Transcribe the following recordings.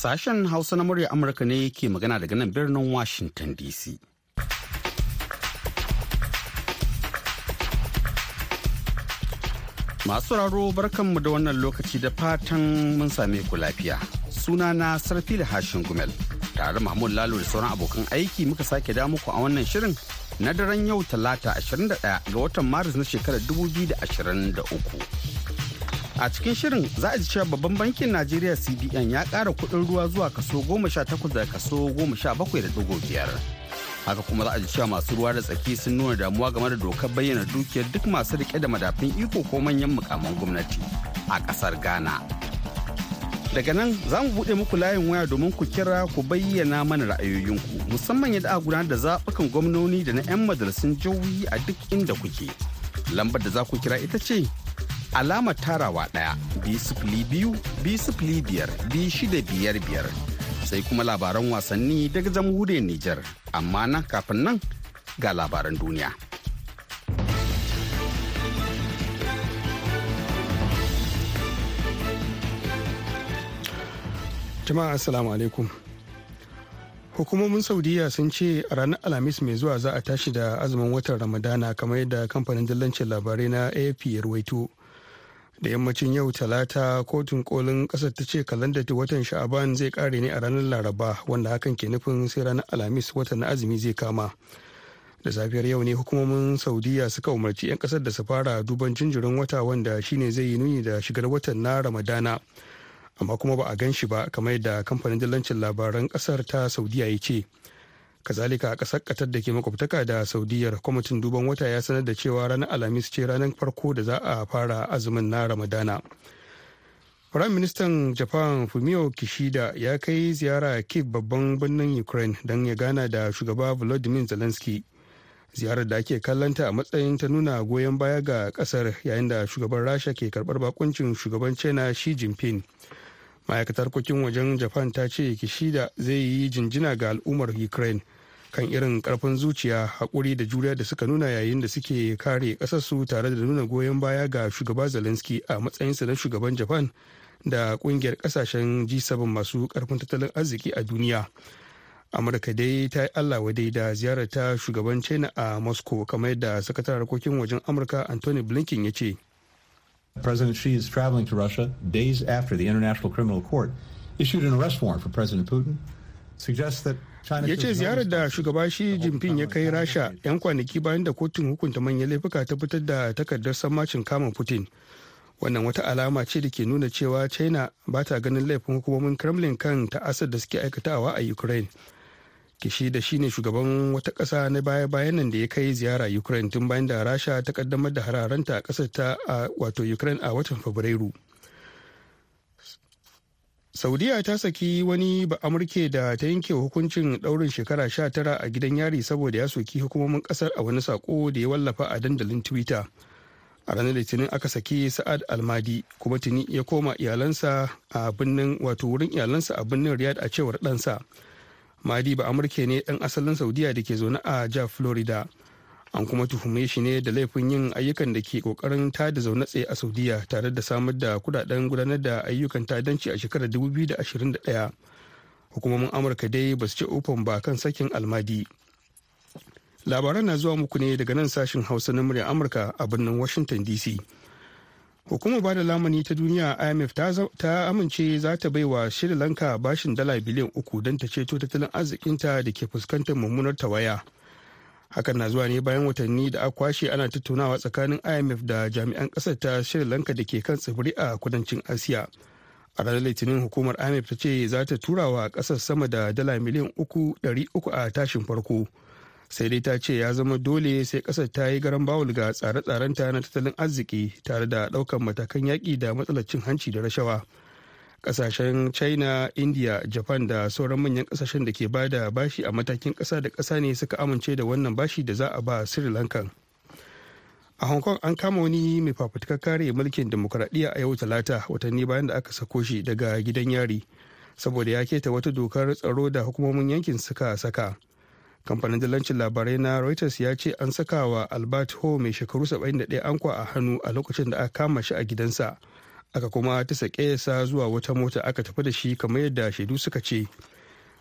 Sashen Hausa na murya Amurka ne ke magana daga nan birnin Washington DC. Masu raro barkanmu da wannan lokaci da fatan mun same ku lafiya. Sunana da Hashin Gumel. Tare Mahmud Lalo da sauran abokan aiki muka sake da muku a wannan shirin na daren yau talata 21 ga watan Maris na shekarar 2023. a cikin shirin za a ji cewa babban bankin najeriya cbn ya ƙara kuɗin ruwa zuwa kaso goma sha 18 da kaso da biyar. haka kuma za a ji cewa masu ruwa da tsaki sun nuna damuwa game da dokar bayyana dukiyar duk masu rike da madafin iko ko manyan mukaman gwamnati a ƙasar ghana daga nan za mu buɗe muku layin waya domin ku kira ku bayyana mana ra'ayoyinku musamman yadda a gudanar da zaɓukan gwamnoni da na 'yan majalisun jihohi a duk inda kuke lambar da za ku kira ita ce alama tarawa ɗaya biyu biyar biyar biyar sai kuma labaran wasanni daga jamhuriyar Nijar amma nan kafin nan ga labaran duniya. Jama'a Assalamu alaikum. hukumomin saudiya sun ce a ranar alhamis mai zuwa za a tashi da azumin watan ramadana kamar yadda kamfanin dillancin labarai na afp ya ruwaito da yammacin yau talata kotun kolin kasar ta ce kalandar watan sha'aban zai kare ne a ranar laraba wanda hakan ke nufin sai ranar alhamis watan na azumi zai kama da safiyar yau ne hukumomin saudiya suka umarci 'yan kasar da su fara duban jinjirin wata wanda shine zai yi nuni da shigar watan na ramadana amma kuma ba a gan shi ba kamar yadda kamfanin dillancin labaran kasar ta saudiya ya ce kazalika a ƙasar katar da ke makwabtaka da saudiyar kwamitin duban wata ya sanar da cewa ranar alhamis ce ranar farko da za a fara azumin na ramadana Firayim Ministan Japan Fumio Kishida ya kai ziyara Kiev babban birnin Ukraine don ya gana da shugaba Volodymyr Zelensky. Ziyarar da ake kallanta a matsayin ta nuna goyon baya ga kasar yayin da shugaban Rasha ke karbar bakuncin shugaban China Xi Jinping. ma'aikatar kokin wajen japan ta ce kishida zai yi jinjina ga al'ummar ukraine kan irin karfin zuciya haƙuri da juriya da suka nuna yayin da suke kare ƙasarsu tare da nuna goyon baya ga shugaba zelensky a matsayinsa na shugaban japan da ƙungiyar ƙasashen g7 masu karfin tattalin arziki a duniya amurka dai ta yi allah wadai da ziyarar ta shugaban china a moscow kamar yadda sakataren harkokin wajen amurka anthony blinken ya ce President Xi is traveling to Russia days after the International Criminal Court issued an arrest warrant for President Putin, suggests that ya ce ziyarar da shugaba shi jinping ya kai kwanaki bayan da kotun hukunta manyan laifuka ta fitar da takardar sammacin putin wannan wata alama ce da ke nuna cewa china ba ta ganin laifin hukumomin kremlin kan ta'asar da suke aikatawa a ukraine shi ne shugaban wata ƙasa na baya-bayan nan da ya kai ziyara ukraine tun bayan da rasha ta kaddamar da hararanta a ƙasar ta a wato ukraine a watan fabrairu saudiya ta saki wani ba amurke da ta yanke hukuncin daurin shekara 19 a gidan yari saboda ya soki hukumomin kasar a wani sako da ya wallafa a dandalin twitter a ranar litinin aka saki sa'ad almadi kuma tuni ya koma iyalansa a birnin wato wurin iyalansa a birnin riyad a cewar ɗansa. madi ba amurke ne ɗan asalin saudiya da ke zaune a ja florida an kuma tuhume shi ne da laifin yin ayyukan da ke kokarin tada zaune tsaye a saudiya tare da samar da kudaden gudanar da ayyukan tadanci a shekarar 2021 hukumomin amurka dai ba su ce ofan ba kan sakin almadi labaran na zuwa muku ne daga nan sashen hausa na murya amurka a birnin washington dc hukumar bada lamuni ta duniya imf ta amince za ta baiwa sri lanka bashin dala biliyan uku don ta ceto tattalin arzikinta da ke fuskantar mummunar tawaya hakan na zuwa ne bayan watanni da aka kwashe ana tattaunawa tsakanin imf da jami'an kasar ta sri lanka da ke kan tsibiri a kudancin asiya a ranar litinin hukumar imf ta ce za ta tura wa kasar sama da dala miliyan uku a tashin farko sai dai ta ce ya zama dole sai ƙasar ta yi garan bawul ga tsare tsaren ta na tattalin arziki tare da ɗaukar matakan yaƙi da matsalar cin hanci da rashawa kasashen china india japan da sauran manyan ƙasashen da ke ba da bashi a matakin ƙasa da ƙasa ne suka amince da wannan bashi da za a ba sri lankan a hong kong an kama wani mai fafutukar kare mulkin demokuraɗiyya a yau talata watanni bayan da aka sako shi daga gidan yari saboda ya keta wata dokar tsaro da hukumomin yankin suka saka kamfanin dillancin labarai na reuters ya ce an saka wa albert ho mai shekaru 71 kwa a hannu a lokacin da aka kama shi a gidansa aka kuma ta sake sa zuwa wata mota aka tafi da shi kamar yadda shaidu suka ce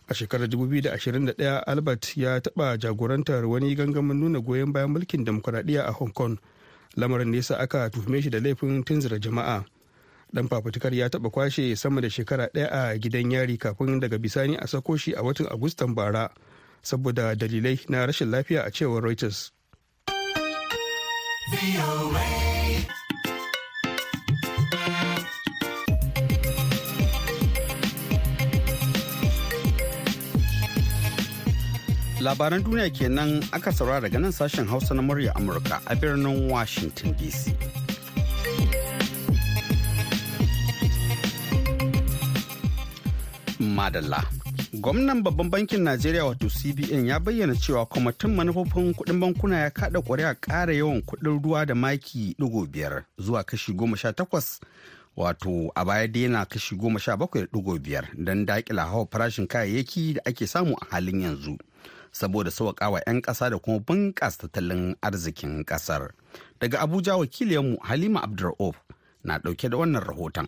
a shekarar 2021 albert ya taba jagorantar wani gangamin nuna goyon bayan mulkin demokuraɗiyya a hong kong lamarin nesa aka tuhume shi da laifin tunzura jama'a dan fafutukar ya taba kwashe sama da shekara ɗaya a gidan yari kafin daga bisani a sako shi a watan agustan bara saboda dalilai na rashin lafiya a cewar reuters labaran duniya kenan aka saurara daga nan sashen hausa na murya amurka a birnin washington dc madalla gwamnan babban bankin najeriya wato cbn ya bayyana cewa kwamitin manufofin kudin bankuna ya kada ƙuri'a ƙara yawan kudin ruwa da maki digo biyar zuwa kashi goma sha takwas wato a baya yana kashi goma sha bakwai digo biyar don daƙila hawa farashin kayayyaki da ake samu a halin yanzu saboda sauƙawa 'yan ƙasa da kuma bunƙasa tattalin arzikin ƙasar daga abuja wakiliyanmu halima abdur'uf na ɗauke da wannan rahoton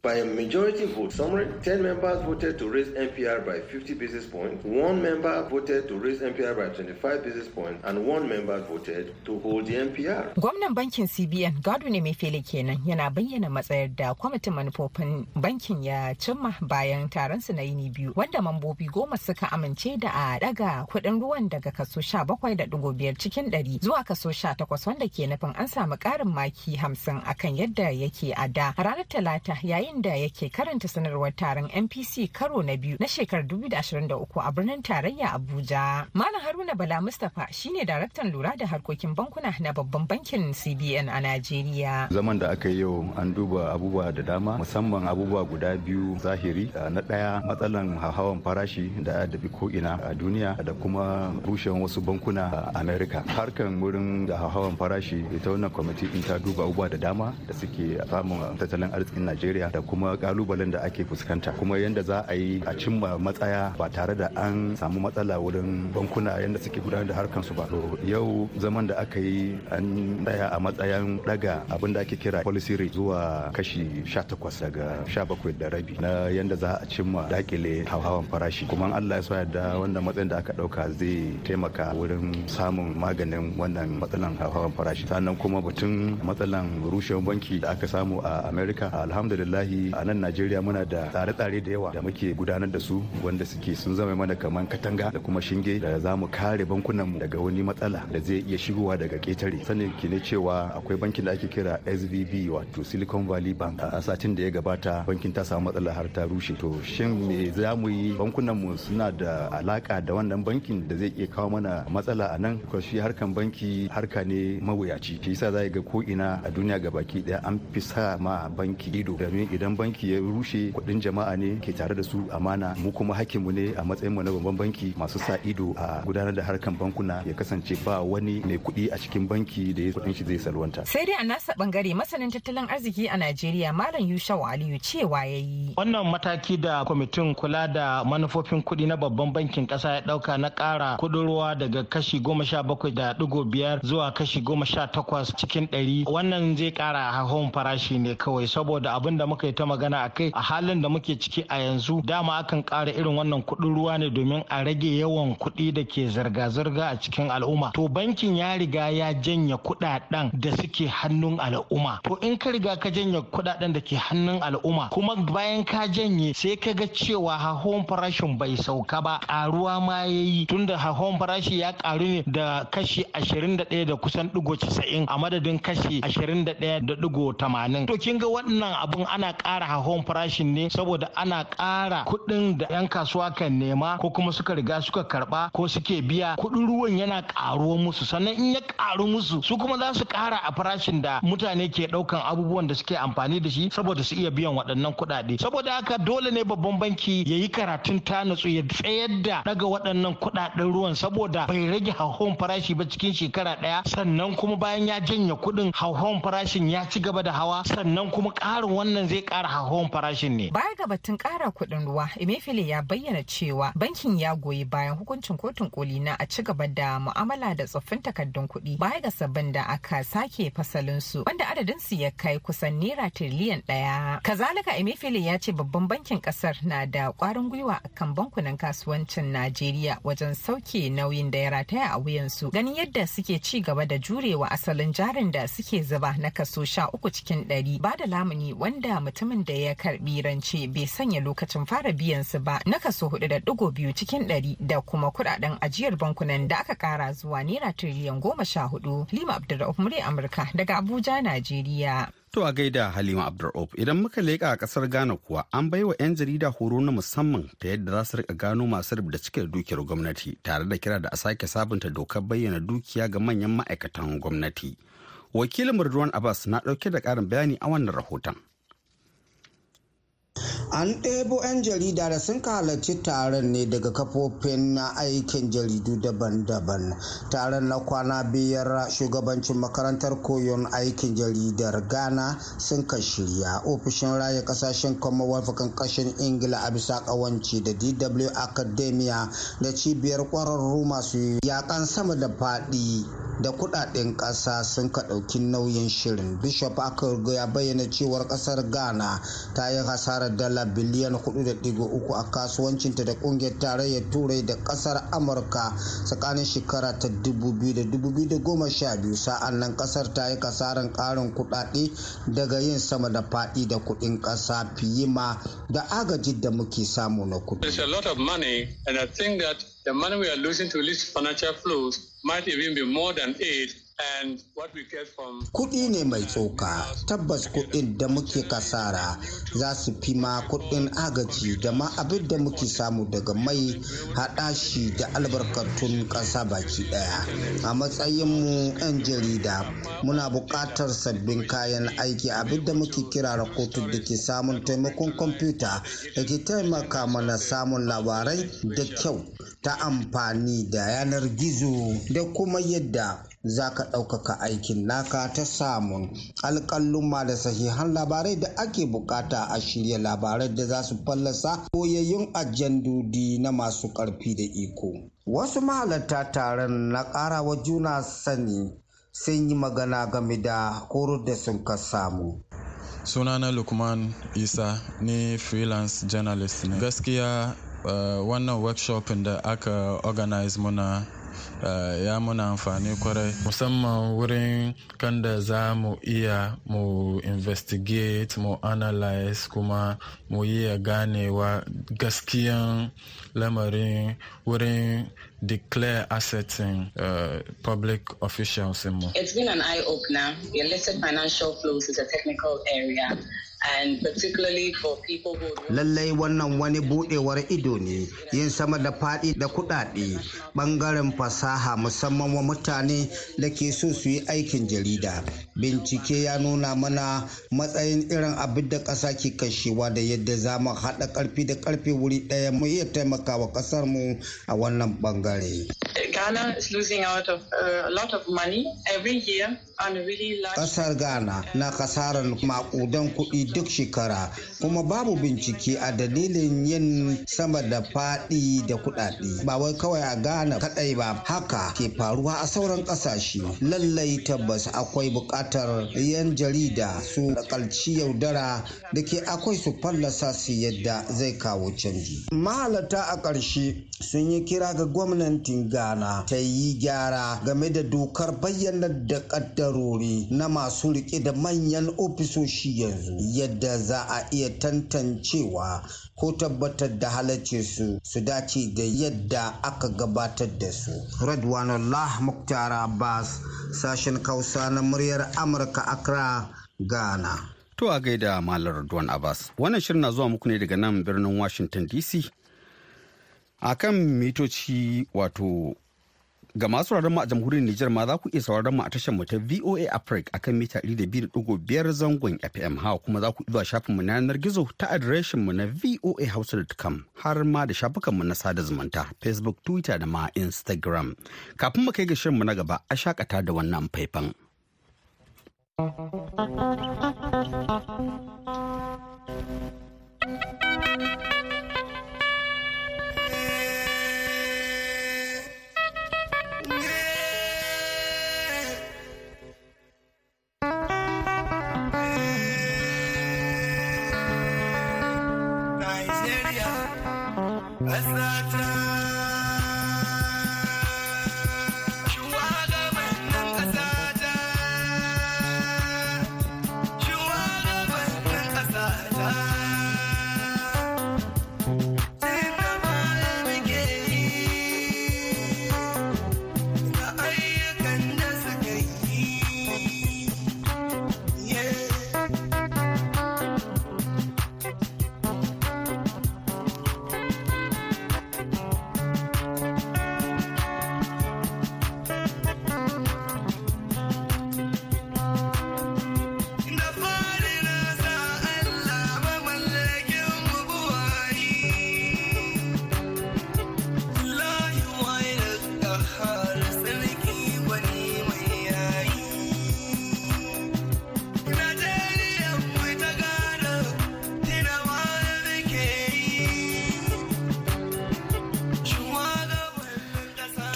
By a majority vote summary, 10 members voted to raise NPR by 50 basis points, one member voted to raise NPR by 25 basis points, and one member voted to hold the NPR. Gwamnan bankin CBN Godwin Emefiele kenan yana bayyana matsayar da kwamitin manufofin bankin ya cimma bayan taron su na yini biyu wanda mambobi goma suka amince da a daga kuɗin ruwan daga kaso 17.5 cikin 100 zuwa kaso 18 wanda ke nufin an samu ƙarin maki 50 akan yadda yake a da ranar talata yayin yayin da yake karanta sanarwar taron NPC karo na biyu na shekarar 2023 a birnin tarayya Abuja. Malam Haruna Bala Mustapha shine daraktan lura da harkokin bankuna na babban bankin CBN a Najeriya. Zaman da aka yi yau an duba abubuwa da dama musamman abubuwa guda biyu zahiri na ɗaya matsalan hawan farashi da adabi ko ina a duniya da kuma rushen wasu bankuna a Amerika. Harkan wurin da hawan farashi ita wannan kwamiti in ta duba abubuwa da dama da suke samun tattalin arzikin Najeriya da kuma kalubalen da ake fuskanta kuma yadda za a yi a cimma matsaya ba tare da an samu matsala wurin bankuna yadda suke gudanar da su ba yau zaman da aka yi an tsaya a matsayin daga abin da ake kira policy rate zuwa kashi 18 daga 17 da rabi na yadda za a cimma dakile hawan farashi kuma Allah ya sa da wanda matsayin da aka dauka zai taimaka wurin samun maganin wannan matsalan hawan farashi sannan kuma batun matsalan rushewar banki da aka samu a America alhamdulillah alhamdulillahi a nan najeriya muna da tsare-tsare da yawa da muke gudanar da su wanda suke sun zama mana kamar katanga da kuma shinge da za mu kare bankunanmu daga wani matsala da zai iya shigowa daga ketare sanin ki ne cewa akwai bankin da ake kira svb wato silicon valley bank a satin da ya gabata bankin ta samu matsala har ta rushe to shin me za mu yi bankunanmu suna da alaka da wannan bankin da zai iya kawo mana matsala a nan Ko shi harkan banki harka ne mawuyaci shi yasa za ga ko ina a duniya gabaki daya an fi sa ma banki ido domin idan banki ya rushe kuɗin jama'a ne ke tare da su amana mu kuma mu ne a matsayin mu na babban banki masu sa ido a gudanar da harkan bankuna ya kasance ba wani mai kuɗi a cikin banki da ya kuɗin shi zai salwanta. Sai dai a nasa bangare masanin tattalin arziki a Najeriya Malam Yushau Aliyu cewa yayi. Wannan mataki da kwamitin kula da manufofin kuɗi na babban bankin kasa ya ɗauka na kara kudurwa ruwa daga kashi goma sha bakwai da digo biyar zuwa kashi goma sha takwas cikin ɗari wannan zai ƙara hahon farashi ne kawai saboda abin da muka muka ta magana a kai a halin da muke ciki a yanzu dama akan kara irin wannan kuɗin ruwa ne domin a rage yawan kuɗi da ke zirga-zirga a cikin al'umma to bankin ya riga ya janye kuɗaɗen da suke hannun al'umma to in ka riga ka janye kuɗaɗen da ke hannun al'umma kuma bayan ka janye sai ka ga cewa hahon farashin bai sauka ba ƙaruwa ma ya yi tunda hahon farashi ya karu ne da kashi 21 da kusan digo 90 a madadin kashi 21 da digo 80 to kin ga wannan abun ana kara hahon farashin ne saboda ana ƙara kuɗin da 'yan kasuwa kan nema ko kuma suka riga suka karɓa ko suke biya kuɗin ruwan yana karuwa musu sannan in ya ƙaru musu su kuma za su ƙara a farashin da mutane ke ɗaukan abubuwan da suke amfani da shi saboda su iya biyan waɗannan kuɗaɗe saboda haka dole ne babban banki ya yi karatun ta nutsu ya tsayar da daga waɗannan kuɗaɗen ruwan saboda bai rage hahon farashi ba cikin shekara ɗaya sannan kuma bayan ya janye kuɗin hahon farashin ya ci gaba da hawa sannan kuma ƙarin wannan zai ƙara hahon farashin ne. Baya ga batun ƙara kuɗin ruwa, Emefiele ya bayyana cewa bankin ya goyi bayan hukuncin kotun koli na a ci gaba da mu'amala da tsoffin takardun kuɗi baya ga sabbin da aka sake fasalin su wanda adadin su ya kai kusan naira tiriliyan ɗaya. Kazalika Emefiele ya ce babban bankin ƙasar na da ƙwarin gwiwa kan bankunan kasuwancin Najeriya wajen sauke nauyin da ya rataya a wuyansu ganin yadda suke ci gaba da jurewa asalin jarin da suke zuba na kaso sha uku cikin ɗari ba da lamuni wanda mutumin da ya karbi rance bai sanya lokacin fara biyan su ba na kaso hudu da digo biyu cikin ɗari da kuma kudaden ajiyar bankunan da aka kara zuwa naira tiriliyan goma sha hudu lima abdulrauf mure amurka daga abuja najeriya To a gaida Halima Abdur'op idan muka leƙa a ƙasar Ghana kuwa an bai wa 'yan jarida horo na musamman ta yadda za su rika gano masu da cike dukiyar gwamnati tare da kira da a sake sabunta dokar bayyana dukiya ga manyan ma'aikatan gwamnati. Wakilin Murduwan Abbas na ɗauke da ƙarin bayani a wannan rahoton. An ɗebo 'yan jarida da sun halarci taron ne daga kafofin na aikin jaridu daban-daban. Taron na kwana biyar shugabancin makarantar koyon aikin jaridar Ghana sun ka shirya ofishin raya kasashen Commonwealth kashin Ingila a bisa ƙawanci da DW Academia da cibiyar ƙwararru masu yakan sama da faɗi. da kudaden kasa sun ka dauki nauyin shirin bishop akorgo ya bayyana cewar kasar ghana ta yi hasarar dala biliyan 4.3 a kasuwancinta da kungiyar tarayyar turai da kasar amurka tsakanin shekara ta 2012 sa'an nan kasar ta yi kasarar karin kudade daga yin sama da fadi da kudin kasa fiye ma da agaji da muke samu na kudi. the money we are losing to illicit financial flows might even be more than aid Kuɗi ne mai tsoka, tabbas kuɗin da muke kasara za su fi ma kuɗin agaji da ma abin da muke samu daga mai haɗa shi da albarkatun ƙasa baki ɗaya. A matsayinmu 'yan jarida muna buƙatar sabbin kayan aiki abin da muke kira rahoton da ke samun taimakon kwamfuta da ke taimaka mana samun labarai da kyau ta amfani da yanar gizo da kuma yadda za ka ɗaukaka aikin naka ta samun alƙaluma da sahihan labarai da ake bukata a shirya labarai da za su fallasa koyayyun dudi na masu ƙarfi da iko. Wasu mahalarta taron na ƙarawa juna sani sun yi magana game da horar da sun ka samu. sunana lukman isa ni freelance journalist ne gaskiya eh, wannan workshop da aka organize muna Eh, ya muna amfani kwarai musamman wurin kan da za mu iya mu investigate mu analyze kuma mu iya ganewa gaskiyan lamarin wurin declare asserting uh, public officials in It's been an eye-opener. The illicit financial flows is a technical area Lallai wannan wani budewar ido ne yin sama da faɗi da kuɗaɗe ɓangaren fasaha musamman wa mutane da ke so su yi aikin jarida. Bincike ya nuna mana matsayin irin abin da ƙasa ke kashewa da yadda za mu haɗa ƙarfi da ƙarfi wuri ɗaya mu iya taimaka wa ƙasar mu a wannan ɓangare. Ghana is losing out of a lot of Ƙasar Ghana na kasarar maƙudan kuɗi duk shekara kuma babu bincike a dalilin yin sama da faɗi da kuɗaɗe ba wai kawai a Ghana kaɗai ba haka ke faruwa a sauran ƙasashe lallai tabbas akwai buƙatar 'yan jarida su kalci yaudara da ke akwai su fallasa su yadda zai kawo canji mahalata a ƙarshe sun yi kira ga gwamnatin ghana ta yi gyara game da dokar bayyana da ƙaddarori na masu riƙe da manyan ofisoshi yanzu yadda za a iya tantancewa ko tabbatar da halarci su su dace da yadda aka gabatar da su. Allah Muktar Abbas sashen Kausa na muryar Amurka Accra, Ghana. To a gaida Malam Radwan Abbas. Wannan shirin na zuwa muku ne daga nan birnin Washington DC. A kan mitoci wato Ga masu sauraron mu a jamhuriyar Nijar ma za ku iya sauraron mu a tashar mu ta VOA Africa akan mita 200.5 zangon FM hawa kuma za ku zuwa shafin mu na yanar gizo ta adireshin mu na voahouse.com har ma da shafukan mu na sada zumunta Facebook, Twitter da ma Instagram. Kafin mu kai ga shirin mu na gaba a shakata da wannan faifan. Thank you. Let's not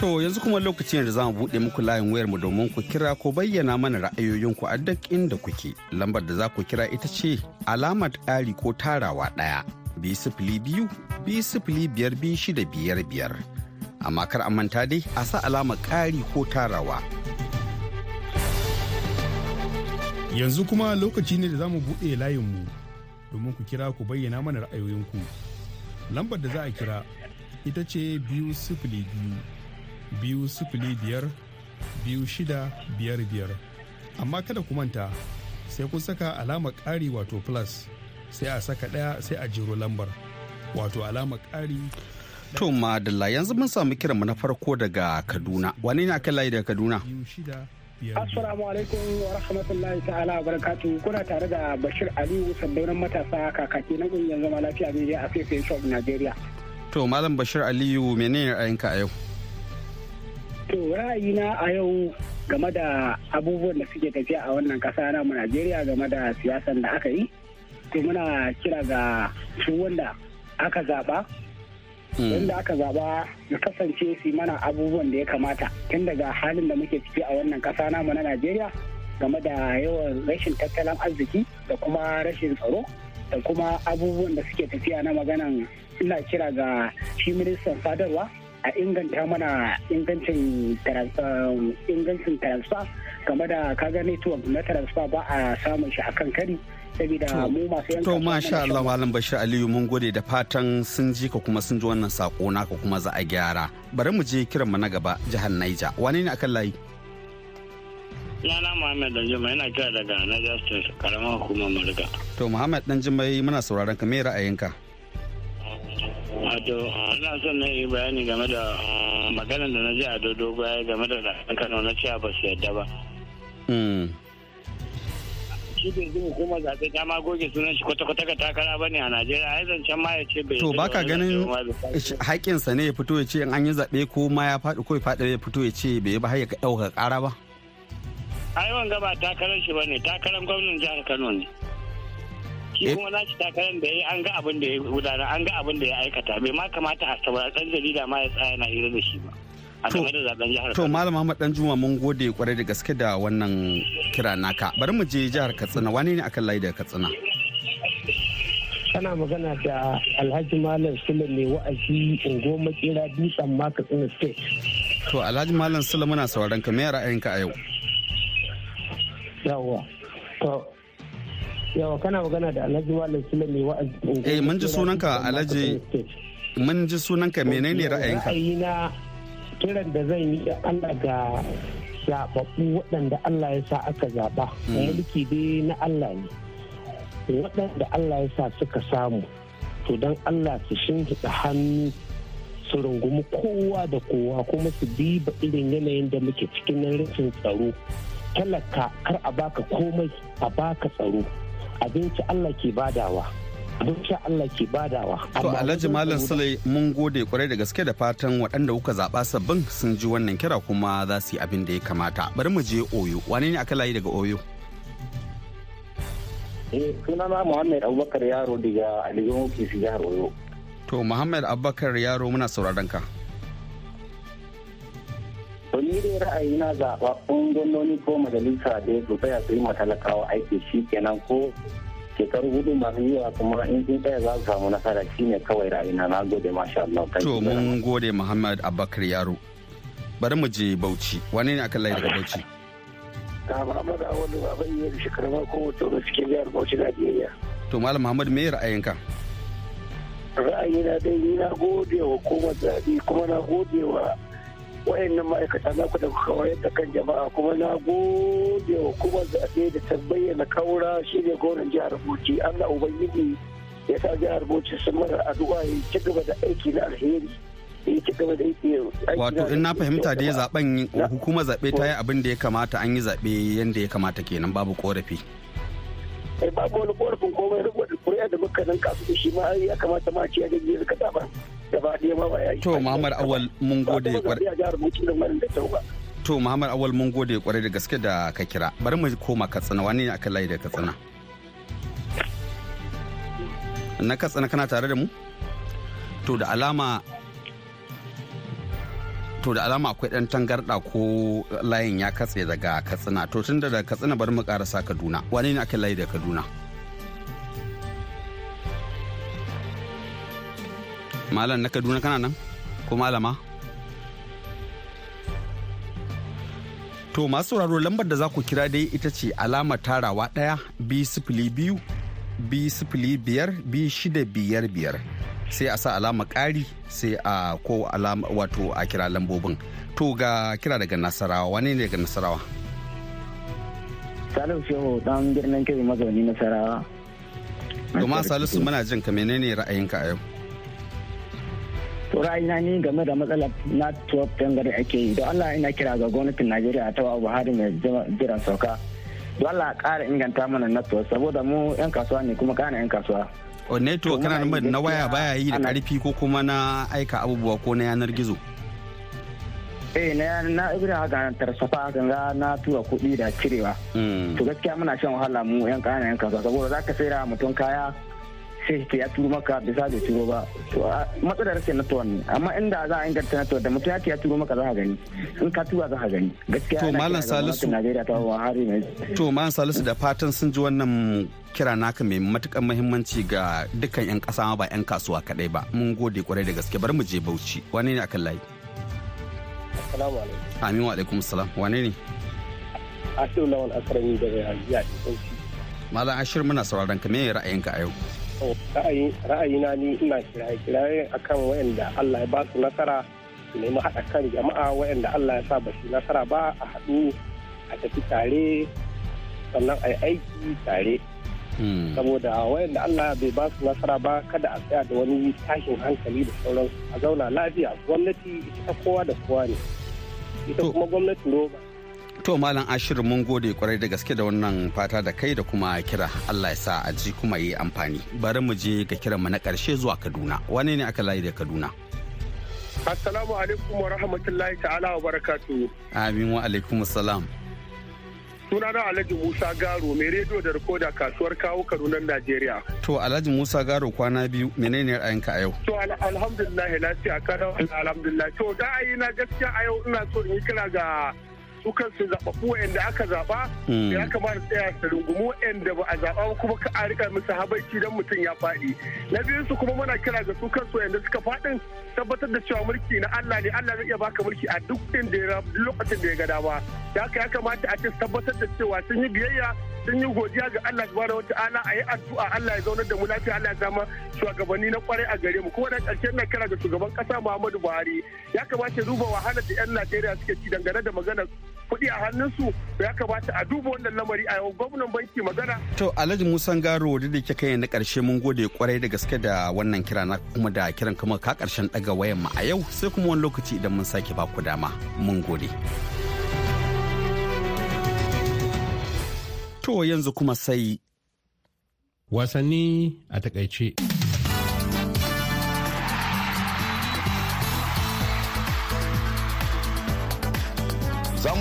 To yanzu kuma lokacin da za mu buɗe muku layin wayar mu domin ku kira ko bayyana mana ra'ayoyin ku a duk inda kuke. Lambar da za ku kira ita ce alamar ƙari ko tarawa ɗaya. bi sifili biyu, bi sifili biyar bi shida biyar biyar. Amma kar a manta dai a sa alamar ƙari ko tarawa. Yanzu kuma lokaci ne da za mu buɗe layin mu domin ku kira ku bayyana mana ra'ayoyin ku Lambar da za a kira ita ce biyu sifili biyu biyu sifili biyar biyu shida biyar biyar amma kada ku manta sai kun saka alama ƙari wato plus sai a saka ɗaya sai a jiro lambar wato alama ƙari to madalla yanzu mun samu kiranmu na farko daga kaduna wani na kan layi daga kaduna Assalamu alaikum wa rahmatullahi ta'ala wa barakatu kuna tare da Bashir Aliyu sandaunan matasa kakaki na ƙungiyar zama lafiya media a Fairfax of Nigeria. To Malam Bashir Aliyu menene ra'ayinka a yau? To ra'ayina a yau game da abubuwan da suke tafiya a wannan kasa a Najeriya game da siyasan da aka yi. To muna kira ga su wanda aka zaɓa. Hmm. Wanda aka zaɓa ya kasance su mana abubuwan da ya kamata tun daga halin da muke ciki a wannan kasa mu na Najeriya game da yawan rashin tattalin arziki da kuma rashin tsaro da kuma abubuwan da suke tafiya na maganan ina kira ga shi ministan sadarwa a inganta mana ingancin um, ingancin transfer game da kaga network na taransa ba a samun shi akan kari saboda mu masu to masha Allah malam Bashir Aliyu mun gode da fatan sun ji ka kuma sun ji wannan sako naka kuma za a gyara bari mu je kiran mu na gaba jihar Niger wane ne akan layi Nana Muhammad Danjuma yana kira daga Niger State karamar hukumar Murga. To Muhammad Danjuma muna sauraron ka me ra'ayinka? wato ana ah, son na yi bayani game da ah, maganar da na ji a dodo baya game da ɗan kano na cewa ba su yadda ba hmm. shi bai ji kuma zaɓe ta ma goge sunan shi kwata-kwata ga takara ba ne a najeriya ai zancen ma ya ce bai to baka ganin haƙƙinsa ne ya fito ya ce in an yi zaɓe ko ma ya faɗi ko ya faɗi ya fito ya ce bai ba har ya ɗauka ƙara ba ai wanga ba takarar shi ba ne takarar gwamnan jihar kano ne shi eh. kuma na shi takarar da ya an ga abin da ya gudanar an ga abin da ya aikata bai ma kamata a saurari dan jarida ma ya tsaya na hira da shi ba a game da zaben jihar to malam Ahmad dan Juma mun gode kwarai da gaske da wannan kira naka bari mu je jihar Katsina wane ne akan layi da Katsina kana magana da Alhaji Malam Sule ne wa'azi in goma makera dutsen ma Katsina state to Alhaji Malam Sule muna sauraron ka me ra'ayinka a yau yawa to yawa kana magana da alhaji malam sule mai wa'azi eh, eh mun ji sunanka alhaji mun ji sunanka menene ra'ayinka ra'ayina kiran da zan yi Allah ga zababbu waɗanda Allah ya sa aka zaba hmm. mulki dai na Allah ne waɗanda Allah ya sa suka samu to don Allah su shimfiɗa hannu su rungumi kowa da kowa kuma su diba irin yanayin da muke cikin rashin tsaro talaka kar a baka komai a baka tsaro abinci Allah ke badawa abinci Allah ke badawa to Alhaji Malam Sule mun gode kwarai da gaske da fatan waɗanda kuka zaɓa sabbin sun ji wannan kira kuma za su yi abin da ya kamata bari mu je Oyo wane ne aka layi daga Oyo eh sunana Muhammad Abubakar Yaro daga Aliyu Ofis Jihar Oyo to Muhammad Abubakar Yaro muna sauraron ka ni dai ra'ayi na zaɓaɓɓun gwamnoni ko majalisa da ya tsaya su yi matalakawa aiki shi kenan ko shekaru hudu masu yiwa kuma in sun tsaya za su samu nasara shine kawai ra'ayina na gode masha Allah. To mun gode Muhammad Abubakar Yaro. Bari mu je Bauchi. Wane ne aka layi daga Bauchi? Ta Muhammad Awadu Baban Yeri shekaru ko wato da cikin jihar Bauchi Najeriya. To Malam Muhammad me ra'ayinka? Ra'ayina dai ni na gode wa hukumar zaɓi kuma na gode wa wayannan ma'aikata na ku da kuka wayar da kan jama'a kuma na gode wa kuma zaɓe da ta bayyana kaura shi ne goron jihar Bauchi Allah ubangiji ya sa jihar Bauchi sun mara addu'a ya ci gaba da aiki na alheri ya ci gaba da aiki wato in na fahimta da ya zaben hukumar zaɓe ta yi abin da ya kamata an yi zaɓe yadda ya kamata kenan babu korafi. babu wani korafin komai rubuta kuri'a da muka nan kasu shi ma ya kamata ma a ce ya gaji ya ba. gaba ma ba to muhammad awal mun gode to muhammad awal mun gode kwarai da gaske da ka kira bari mu koma katsina wani ne akan layi da katsina na katsina kana tare da mu to da alama to da alama akwai dan tangarda ko layin ya katse daga katsina to tun da katsina bari mu karasa kaduna wani ne aka layi da kaduna malam na kaduna kana nan ko malama to masu sauraro lambar da za ku kira dai ita ce alama tarawa ɗaya bi sifili biyu bi sifili biyar bi shida biyar biyar sai a sa alama ƙari sai a ko alama wato a kira lambobin to ga kira daga nasarawa wane ne daga nasarawa salisu shehu dan birnin kiri mazauni nasarawa to ma salisu muna jin ka menene ra'ayinka a yau to ra'ayina ni game da matsalar na tuwaf dangane ake yi don allah ina kira ga gwamnatin najeriya ta wa buhari mai jiran sauka don allah ƙara inganta mana na saboda mu yan kasuwa ne kuma kana yan kasuwa o network kana na waya baya yi da karfi ko kuma na aika abubuwa ko na yanar gizo eh na na ibra haka tarsafa hakan ga na tura kuɗi da cirewa hmm. to gaskiya muna shan wahala mu yan kana yan kasuwa saboda zaka tsira mutum kaya sai shi ya turo maka bisa bai turo ba to matsalar sai na ne amma inda za a inganta natuwa da mutum ya turo maka za a gani in ka tura za ka gani gaskiya to malam salisu Najeriya ta to malam salisu da fatan sun ji wannan kira naka mai matukan muhimmanci ga dukkan yan kasa ba yan kasuwa kadai ba mun gode kwarai da gaske bari mu je Bauchi wane ne akan layi Assalamu alaikum Amin wa alaikum salam wane ne Ashiru Lawal Akarami daga bauchi Malam Ashiru muna sauraron ka me ra'ayinka a yau ra'ayina ni ina kiraye-kiraye akan wayanda Allah ya ba su nasara nemi haɗa kan jama'a wayanda Allah ya sa ba su nasara ba a haɗu a tafi tare sannan a yi aiki tare hmm. saboda wayanda Allah bai ba su nasara ba kada a tsaya da wani tashin hankali da sauran a zauna lafiya gwamnati ita kowa da kowa ne ita kuma gwamnati roba To Malam Ashir mun gode kwarai da gaske da wannan fata da kai da kuma kira Allah ya sa a ji kuma yi amfani. Bari mu je ga kiran mu na karshe zuwa Kaduna. Wane ne aka layi da Kaduna? Assalamu alaikum wa rahmatullahi ta'ala wa barakatu. Amin wa alaikum salam. na Alhaji Musa Garo mai rediyo da rikoda kasuwar kawo Kaduna Najeriya. To Alhaji Musa Garo kwana biyu menene ra'ayinka a yau? To alhamdulillah lafiya kada alhamdulillah. To da na gaskiya a yau ina so in yi kira ga su kansu zaɓaɓɓu wa'anda aka zaɓa hmm. ya kamata tsaya su rungumi wa'anda ba a zaɓa ba kuma ka a rika musu habaici don mutum ya faɗi na biyun su kuma muna kira ga su kansu wa'anda suka faɗin tabbatar da cewa mulki na Allah ne Allah zai iya baka mulki a duk inda ya lokacin da ya ga dama ya ka ya kamata a ce tabbatar da cewa sun yi biyayya sun yi godiya ga Allah wata wata'ala a yi addu'a Allah ya zaunar da mu lafiya Allah ya zama shugabanni na kwarai a gare mu kuma da karshe na kira ga shugaban kasa Muhammadu Buhari ya kamata ya duba wahalar da 'yan Najeriya suke ci dangane da maganar kuɗi a hannunsu ya kamata a duba wannan lamari a yau gwamnan banki magana. To Alhaji Musa Garo da ke kai na ƙarshe mun gode kwarai da gaske da wannan kira na kuma da kiran kamar ka ƙarshen ɗaga wayan mu a yau sai kuma wani lokaci idan mun sake ba ku dama mun gode. To yanzu kuma sai. Wasanni a takaice.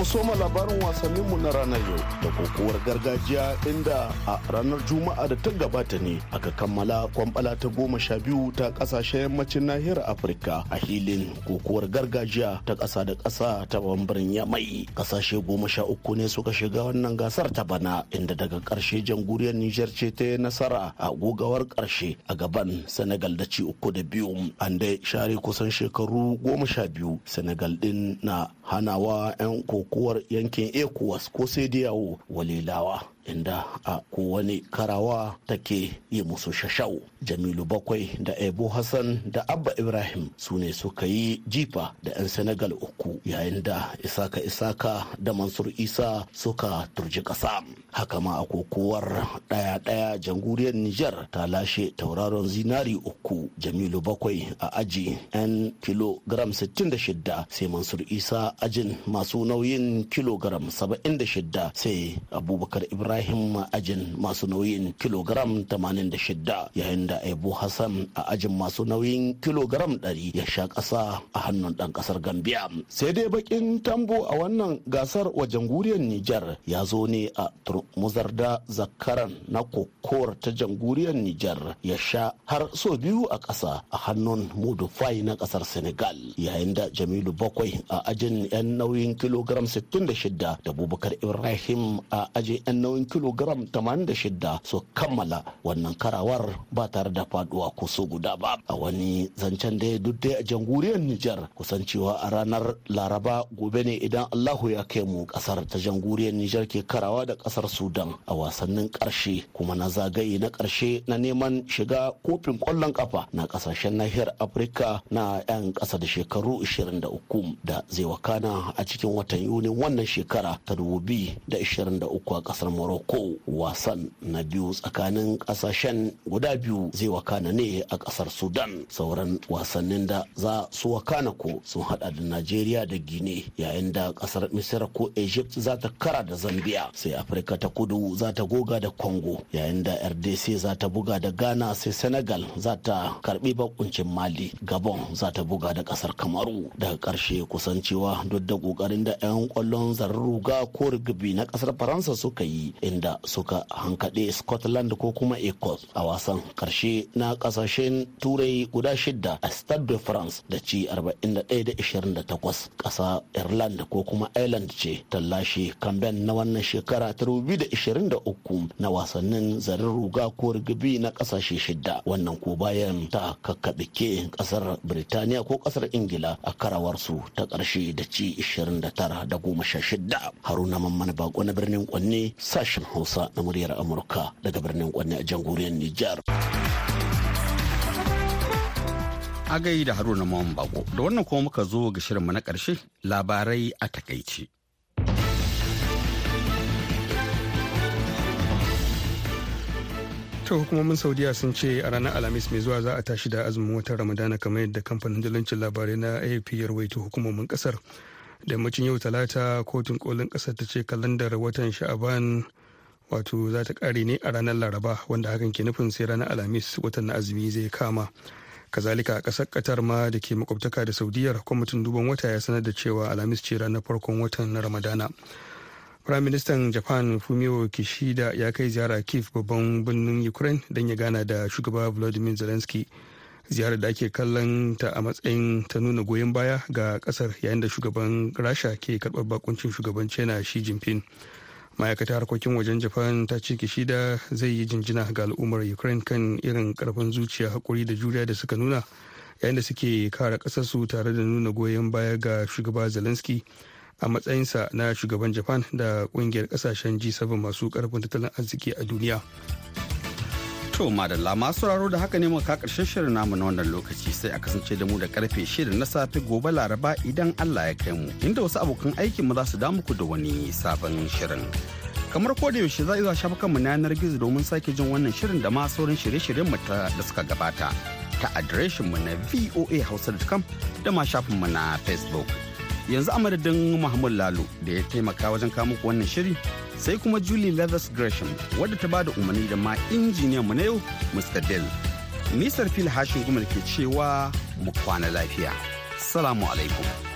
mu soma labarin mu na ranar yau da kokowar gargajiya inda a ranar juma'a da ta gabata ne aka kammala kwambala ta goma sha biyu ta kasashen yammacin nahiyar afirka a hilin kokowar gargajiya ta kasa da kasa ta bambarin yamai ƙasashe goma sha uku ne suka shiga wannan gasar ta bana inda daga karshe jamhuriyar nijar ce ta yi nasara a gogawar karshe a gaban senegal da ci uku da biyu an dai share kusan shekaru goma sha biyu senegal din na hanawa 'yan koko Kuwar yankin ecowas ko sai da yawo walilawa inda a kowane karawa take yi musu shashau jamilu bakwai da ebo hassan da abba ibrahim su ne suka yi jifa da 'yan senegal uku yayin da isaka isaka da mansur isa suka turji kasa. haka ma a kokowar ɗaya-ɗaya jamhuriyar niger ta lashe tauraron zinari uku jamilu bakwai a aji 'yan kilogram 66 sai mansur isa ajin masu nauyin kilogram 76 sai abubakar ibrahim ibrahim a ajin masu nauyin kilogram 86 yayin da abu hassan a ajin masu nauyin kilogram 100 ya sha ƙasa a hannun ɗan ƙasar gambia sai dai bakin tambo a wannan gasar wajen guriyar nijar ya zo ne a turmuzarda zakaran na kokowar ta janguriyar nijar ya sha har so biyu a ƙasa a hannun fai na ƙasar senegal yayin da jamilu bakwai a ajin 'yan nauyin kilogram 66 da bubakar ibrahim a ajin 'yan nauyin nauyin kilogram 86 su kammala wannan karawar ba tare da faduwa ko so guda ba a wani zancen da duk dai a jamhuriyar Nijar kusan cewa a ranar Laraba gobe ne idan Allahu ya kai mu kasar ta jamhuriyar Nijar ke karawa da kasar Sudan a wasannin karshe kuma na zagaye na karshe na neman shiga kofin kwallon kafa na kasashen nahiyar Afirka na 'yan kasa da shekaru 23 da zai wakana a cikin watan Yuni wannan shekara ta 2023 a kasar Morocco morocco wasan na biyu tsakanin kasashen guda biyu zai wakana ne a kasar sudan sauran wasannin da za su wakana ko sun hada da najeriya da gine yayin da kasar misira ko egypt za ta kara da zambia sai afirka ta kudu za ta goga da congo yayin da rdc za ta buga da ghana sai senegal za ta karbi bakuncin mali gabon za ta buga da kasar kamaru daga karshe kusancewa duk da kokarin da 'yan kwallon zarruga ko rugby na kasar faransa suka yi inda suka hankaɗe Scotland ko kuma Ecos a wasan karshe na kasashen turai guda shidda a Stade de France da ci 41 28 ƙasa Ireland ko kuma Ireland ce tallashi kamben na wannan shekara ta 2023 na wasannin zarin ruga ko rigibi na kasashe shidda wannan ko bayan ta kakkaɓe ƙasar Birtaniya ko ƙasar Ingila a karawarsu ta ƙarshe da ci 29 da 16 Haruna Mamman Bako na birnin Kwanne sashi sashen Hausa na muryar Amurka daga birnin Kwanne a jamhuriyar Nijar. Agayi da Haruna Mawan Bago, da wannan kuma muka zo ga shirinmu na ƙarshe labarai a takaici. ta hukumomin saudiya sun ce a ranar alhamis mai zuwa za a tashi da azumin watan ramadana kamar yadda kamfanin dalancin labarai na afp ya rawaito hukumomin kasar da yammacin yau talata kotun kolin kasar ta ce kalandar watan sha'aban wato za ta kare ne a ranar laraba wanda hakan ke nufin sai ranar alhamis watan na azumi zai kama kazalika a ƙasar katar ma da ke makwabtaka da saudiyar kwamitin duban wata ya sanar da cewa alhamis ce ranar farkon watan na ramadana prime minister japan fumio kishida ya kai ziyara kif babban birnin ukraine don ya gana da shugaba vladimir zelensky ziyarar da ake kallon ta a matsayin ta nuna goyon baya ga kasar yayin da shugaban rasha ke karɓar bakuncin shugaban china shi jinping ma'aikatar harkokin wajen japan ta ce kishida zai yi jinjina ga al'ummar ukraine kan irin karfin zuciya hakuri da juriya da suka nuna yayin da suke kasar kasarsu tare da nuna goyon baya ga shugaba zelensky a matsayinsa na shugaban japan da kungiyar kasashen g7 masu karfin tattalin arziki a duniya To madalla masu sauraro da haka ne muka karshen shirin namu na wannan lokaci sai a kasance da mu da karfe shirin na safe gobe laraba idan Allah ya kai mu inda wasu abokan aikin mu za su damu da wani sabon shirin. Kamar ko da yaushe za a shafa mu na yanar gizo domin sake jin wannan shirin da ma sauran shirye-shiryen mu da suka gabata ta adireshin mu na voahausa.com da ma shafin mu na Facebook. Yanzu a madadin Mahmud Lalo da ya taimaka wajen kawo muku wannan shiri sai kuma Julie Leathers Gresham wadda ta bada umarni da ma injiniyan mu na yau Mr. Dell. Nisar Phil hashin gumal ke cewa mu kwana lafiya. Salamu alaikum.